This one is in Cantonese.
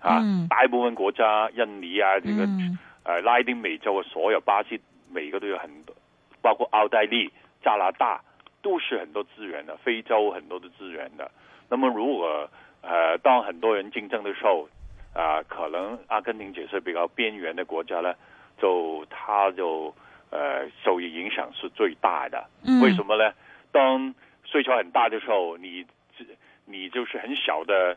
啊、嗯、大部分國家，印尼啊，這個、嗯、呃拉丁美洲嘅所有巴西，每個都有很多，包括澳大利、加拿大，都是很多資源的。非洲很多的資源的。那麼如果呃當很多人競爭的時候，啊、呃，可能阿根廷只是比較邊緣的國家呢，就它就呃受益影響是最大的。嗯、為什麼呢？當需求很大的時候，你你就是很小的。